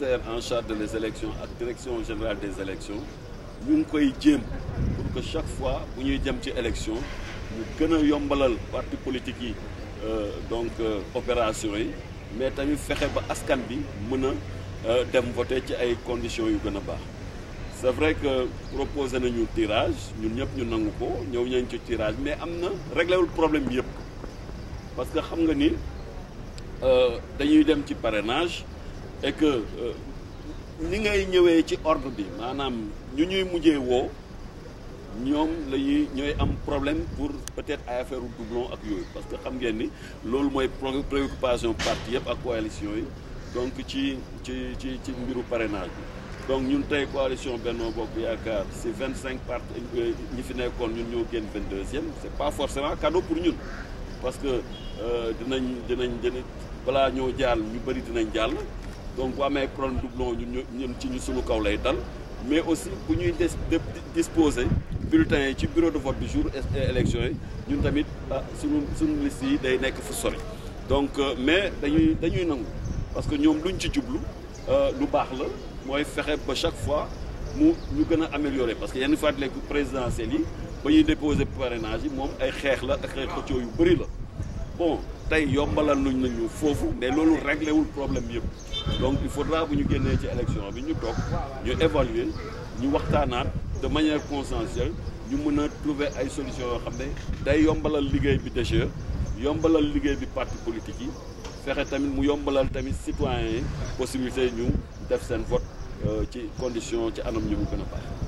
ministère en charge des élections ak direction générale des élections ñu ngi koy jéem pour que chaque fois bu ñuy jëm ci élection ñu gën a yombalal parti politique yi euh, donc euh, opération yi mais tamit fexe ba askan bi mën a euh, dem voter ci ay conditions yu gën a baax c'est vrai que proposé nañu tirage ñu ñëpp ñu nangu ko ñëw ñañ ci tirage mais am na réglé problème bi yëpp parce que xam nga ni dañuy dem ci parrainage e que euh, ni ngay ñëwee ci ordre bi maanaam ñu ñuy mujjee woo ñoom la ñooy am problème pour peut-être affaire affaire doublon ak yooyu parce que xam ngeen ni loolu mooy préoccupation parti yëpp ak coalition yi donc ci ci ci ci mbiru parrainage bi donc ñun tey coalition Benno Bokk Yaakaar si vingt cinq parti euh, ñi fi nekkoon ñun ñoo génn vingt deuxième c'est pas forcément cadeau pour ñun parce que euh, dinañ dinañ dinañ balaa ñoo jàll ñu bëri dinañ jàll donc bu amee problème doublon ñun ñun ci ñu sunu kaw lay dal mais aussi bu ñuy des disposer bulletins yi ci bureau de vote bi jour euh, élection yi ñun tamit ah, suñu sunu liste yi day nekk fu sori. donc euh, mais dañuy dañuy nangu parce que ñoom luñ ci jublu euh, lu baax la mooy fexe ba chaque fois mu ñu gën a améliorer parce que yenn fàttaliku présidentielles yi ba ñuy déposer parrainage yi moom ay xeex la ak ay xëccoo yu bëri la. bon tey yombalal nuñ nañu foofu mais loolu réglé wul problème yëpp donc il faudra bu ñu génnee ci élection bi ñu toog ñu évaluer ñu waxtaanaat de manière consensuelle ñu mën a trouver ay solution yoo xam ne day yombalal liggéey bi déjà yombalal liggéey bi parti politique yi fexe tamit mu yombalal tamit citoyens yi possibilité ñu def seen vote euh, ci condition ci anam ñu mu a baax